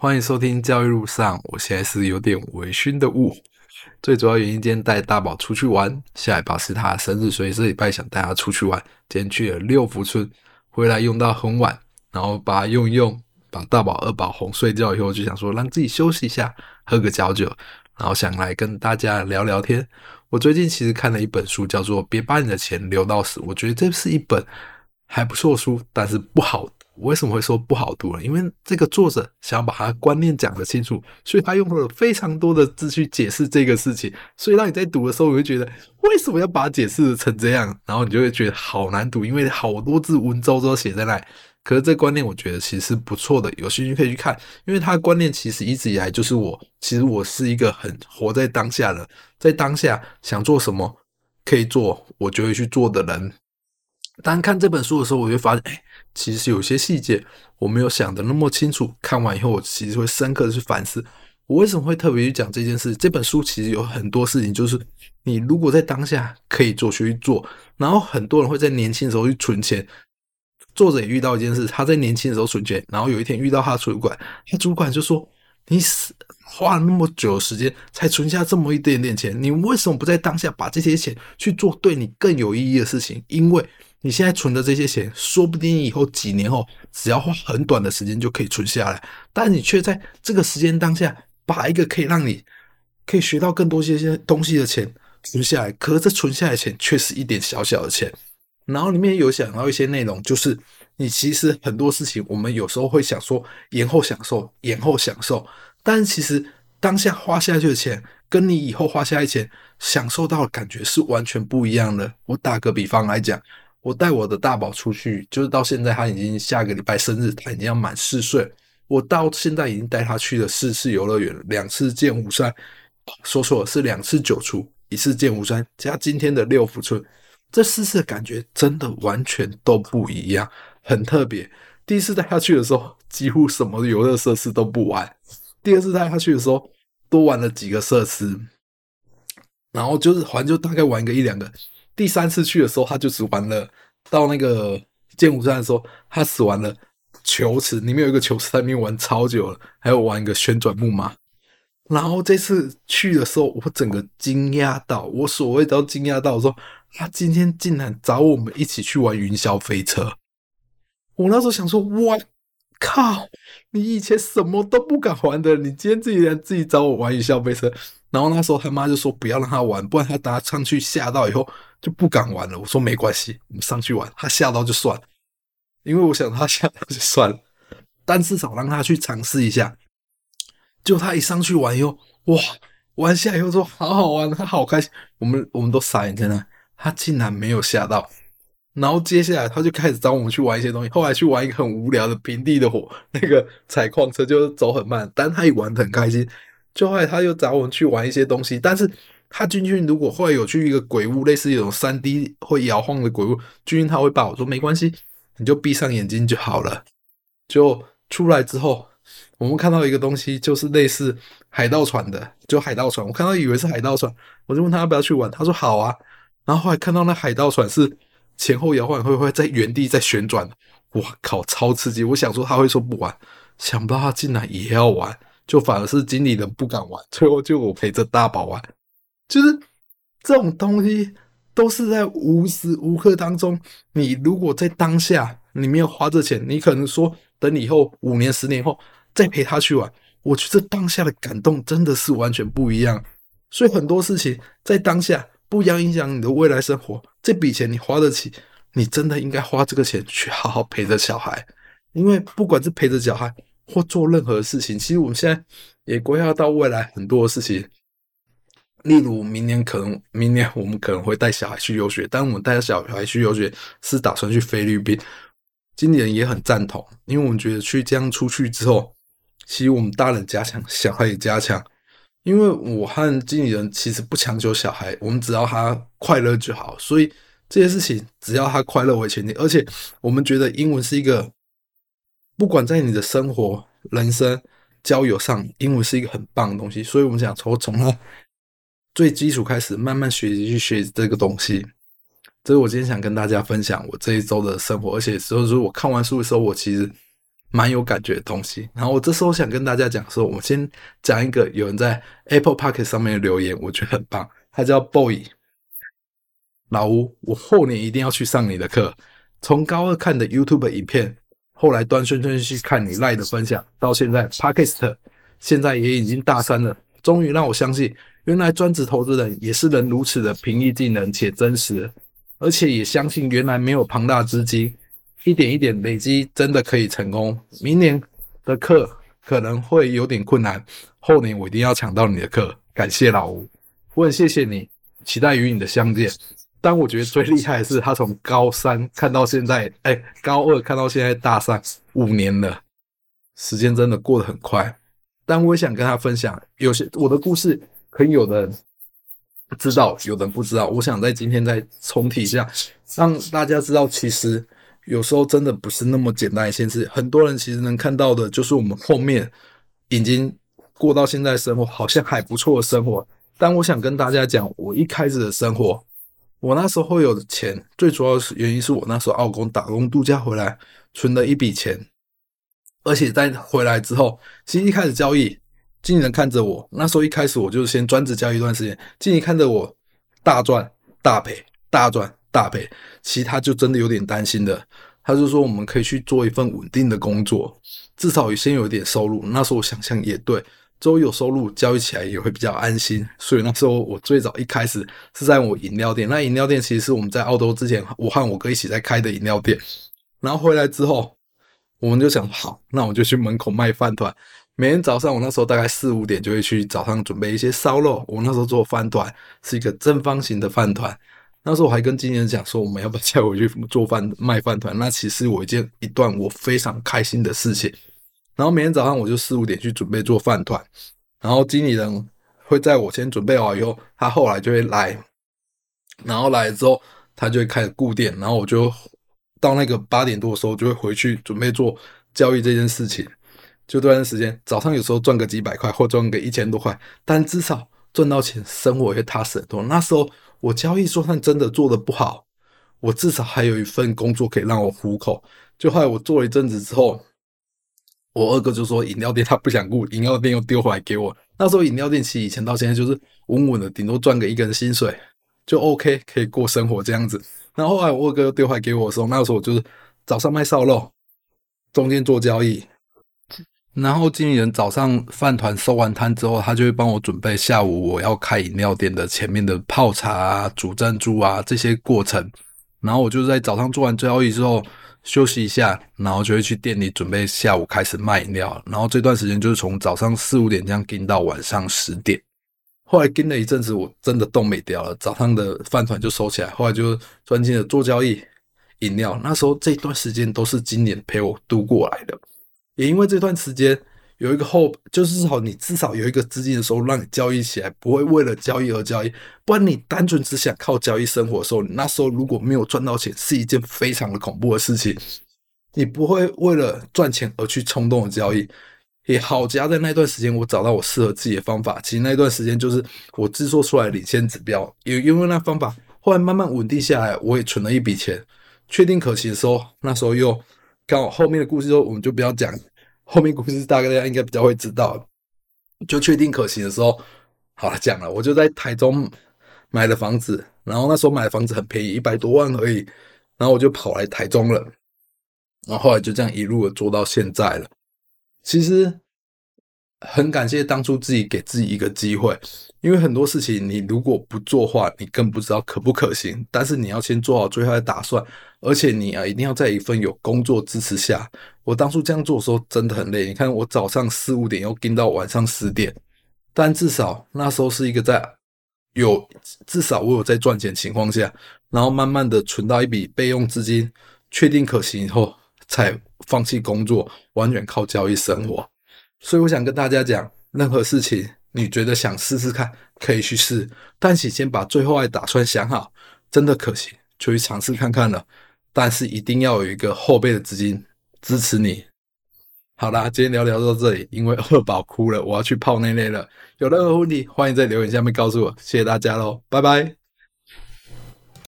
歡迎收聽教育路上，我現在是有點微醺的霧。最主要原因今天帶大寶出去玩，下一把是他的生日，所以這禮拜想帶他出去玩。今天去了六福村，回來用到很晚，然後把他用一用，把大寶二寶哄睡覺以後，就想說讓自己休息一下，喝個小酒，然後想來跟大家聊聊天。我最近其實看了一本書，叫做《別把你的錢留到死》，我覺得這是一本還不錯書，但是不好。為什麼會說不好讀呢？因為這個作者想要把他觀念講得清楚，所以他用了非常多的字去解釋這個事情，所以當你在讀的時候，你會覺得為什麼要把它解釋成這樣？然後你就會覺得好難讀，因為好多字文縐縐寫在那。可是這觀念我覺得其實是不錯的，有興趣可以去看，因為他的觀念其實一直以來就是我，其實我是一個很活在當下的，在當下想做什麼可以做，我就會去做的人。當看這本書的時候，我就發現，哎、欸，其實有些細節我沒有想的那麼清楚。看完以後，我其實會深刻的去反思，我為什麼會特別去講這件事。這本書其實有很多事情，就是你如果在當下可以做，去去做。然後很多人會在年輕的時候去存錢。作者也遇到一件事，他在年輕的時候存錢，然後有一天遇到他的主管，他、哎、主管就說：“你花了那麼久的時間才存下這麼一點點錢，你為什麼不在當下把這些錢去做對你更有意義的事情？”因為你現在存的這些錢，說不定以後幾年後，只要花很短的時間就可以存下來，但你卻在這個時間當下，把一個可以讓你可以學到更多一些東西的錢存下來，可是這存下來的錢卻是一點小小的錢。然後裡面有想到一些內容，就是你其實很多事情，我們有時候會想說延後享受，延後享受，但是其實當下花下去的錢，跟你以後花下來錢享受到的感覺是完全不一樣的。我打個比方來講。我帶我的大寶出去，就是到現在他已經下個禮拜生日，他已經要滿四歲。我到現在已經帶他去了四次遊樂園，兩次劍湖山，說錯了是兩次九處，一次劍湖山加今天的六福村。這四次的感覺真的完全都不一樣，很特別。第一次帶他去的時候，幾乎什麼遊樂設施都不玩；第二次帶他去的時候，多玩了幾個設施，然後就是反正就大概玩個一兩個。第三次去的時候，他就只玩了，到那個劍湖山的時候，他只玩了球池，裡面有一個球池，在裡面玩超久了，還有玩一個旋轉木馬。然後這次去的時候，我整個驚訝到，我所謂都驚訝到，我說他今天竟然找我們一起去玩雲霄飛車。我那時候想說，我靠，你以前什麼都不敢玩的，你今天自己來自己找我玩雲霄飛車。然後那時候他媽就說不要讓他玩，不然他打上去嚇到以後就不敢玩了。我說沒關係，我們上去玩。他嚇到就算了，因為我想他嚇到就算了，但至少讓他去嘗試一下。結果他一上去玩以後，哇，玩下來以後說好好玩，他好開心。我們我們都傻眼，真的，他竟然沒有嚇到。然後接下來他就開始找我們去玩一些東西。後來去玩一個很無聊的平地的火，那個採礦車就走很慢，但他一玩得很開心。後來他又找我們去玩一些東西，但是。他軍訓如果後來有去一個鬼屋，類似一種三 D 會搖晃的鬼屋，軍訓他會怕，我說：“沒關係，你就閉上眼睛就好了。”就出來之後，我們看到一個東西，就是類似海盜船的，就海盜船。我看到以為是海盜船，我就問他要不要去玩，他說：“好啊。”然後後來看到那海盜船是前後搖晃，會不會在原地在旋轉？我靠，超刺激！我想說他會說不玩，想不到他竟然也要玩，就反而是經理人不敢玩，最後就我陪着大寶玩。就是這種東西都是在無時無刻當中。你如果在當下你沒有花這錢，你可能說等你以後五年、十年後再陪他去玩。我覺得當下的感動真的是完全不一樣。所以很多事情在當下不要影響你的未來生活，這筆錢你花得起，你真的應該花這個錢去好好陪着小孩。因為不管是陪着小孩或做任何事情，其實我們現在也規劃到未來很多的事情。例如，明年可能明年我們可能會帶小孩去遊學，但我們帶小孩去遊學是打算去菲律賓。經理人也很贊同，因為我們覺得去這樣出去之後，其實我們大人加強，小孩也加強。因為我和經理人其實不強求小孩，我們只要他快樂就好。所以這些事情只要他快樂為前提，而且我們覺得英文是一個，不管在你的生活、人生、交友上，英文是一個很棒的東西。所以我們想從從他。最基礎開始慢慢學習去學這個東西，所以我今天想跟大家分享我這一周的生活。而且，就是我看完書的時候，我其實蠻有感覺的東西。然後，我這時候想跟大家講說，我先講一個有人在 Apple Podcast 上面的留言，我覺得很棒，他叫 Boy 老吳，我後年一定要去上你的課。從高二看的 YouTube 影片，後來斷斷續續去看你 Line 的分享，到現在 Podcast 現在也已經大三了，終於讓我相信。原來專職投資人也是能如此的平易近人且真實，而且也相信原來沒有龐大資金，一點一點累積真的可以成功。明年的課可能會有點困難，後年我一定要搶到你的課。感謝老吳，我很謝謝你，期待與你的相見。但我覺得最厲害的是他從高三看到現在，哎，高二看到現在大三，五年了，時間真的過得很快。但我也想跟他分享有些我的故事。可以有的知道，有的不知道。我想在今天再重提一下，讓大家知道，其實有時候真的不是那麼簡單一件事。很多人其實能看到的，就是我們後面已經過到現在的生活，好像還不錯的生活。但我想跟大家講，我一開始的生活，我那時候有的錢，最主要是原因是我那時候澳工打工度假回來存了一筆錢，而且在回來之後，其實一開始交易。經理看着我，那時候一開始我就先專職交易一段時間。經理看着我大賺大賠，大賺大賠，其實他就真的有點擔心的。他就說：“我們可以去做一份穩定的工作，至少也先有一點收入。”那時候我想想也對，之後有收入交易起來也會比較安心。所以那時候我最早一開始是在我飲料店，那飲料店其實是我們在澳洲之前我和我哥一起在開的飲料店。然後回來之後，我們就想好，那我就去門口賣飯糰。每天早上，我那時候大概四五點就會去早上準備一些燒肉。我那時候做飯糰是一個正方形的飯糰。那時候我還跟經理人講說，我們要不要叫我去做飯賣飯糰？那其實我一件一段我非常開心的事情。然後每天早上我就四五點去準備做飯糰，然後經理人會在我先準備好以後，他後來就會來，然後來之後他就會開始固定，然後我就到那個八點多的時候就會回去準備做交易這件事情。就這段時間，早上有時候賺個幾百塊，或賺個一千多塊，但至少賺到錢，生活也踏實很多。那時候我交易就算真的做的不好，我至少還有一份工作可以讓我糊口。就後來我做了一陣子之後，我二哥就說飲料店他不想顧，飲料店又丟回來給我。那時候飲料店其實以前到現在就是穩穩的，頂多賺個一個人薪水就 OK，可以過生活這樣子。然後後來我二哥又丟回來給我的時候，那時候我就是早上賣燒肉，中間做交易。然後經理人早上飯糰收完攤之後，他就會幫我準備下午我要開飲料店的前面的泡茶啊、煮珍珠啊這些過程。然後我就在早上做完交易之後休息一下，然後就會去店裡準備下午開始賣飲料。然後這段時間就是從早上四五點這樣跟到晚上十點。後來跟了一陣子，我真的凍沒掉了，早上的飯糰就收起來，後來就專心的做交易、飲料。那時候這段時間都是經理陪我度過來的。也因為這段時間有一個 hope，就是好，你至少有一個資金的時候讓你交易起來，不會為了交易而交易。不然你單純只想靠交易生活的時候，你那時候如果沒有賺到錢，是一件非常的恐怖的事情。你不會為了賺錢而去衝動的交易。也好，家在那段時間我找到我適合自己的方法。其實那段時間就是我制作出來的領先指標，也因為那方法後來慢慢穩定下來，我也存了一筆錢，確定可行的時候，那時候又。剛好後面的故事，就我們就不要講。後面故事大概大家應該比較會知道。就確定可行的時候，好了，講了。我就在台中買的房子，然後那時候買的房子很便宜，一百多萬而已。然後我就跑來台中了，然後後來就這樣一路的做到現在了。其實。很感謝當初自己給自己一個機會，因為很多事情你如果不做的話，你更不知道可不可行。但是你要先做好最壞的打算，而且你啊，一定要在一份有工作支持下。我當初這樣做的時候真的很累，你看我早上四五點要盯到晚上十點，但至少那時候是一個在有，至少我有在賺錢情況下，然後慢慢的存到一筆備用資金，確定可行以後才放棄工作，完全靠交易生活。所以我想跟大家講，任何事情，你覺得想試試看，可以去試，但請先把最壞的打算想好，真的可行，就去嘗試看看了。但是一定要有一個後備的資金支持你。好啦，今天聊聊到這裡，因為二寶哭了，我要去泡內內了。有任何問題，歡迎在留言下面告訴我，謝謝大家嘍，拜拜。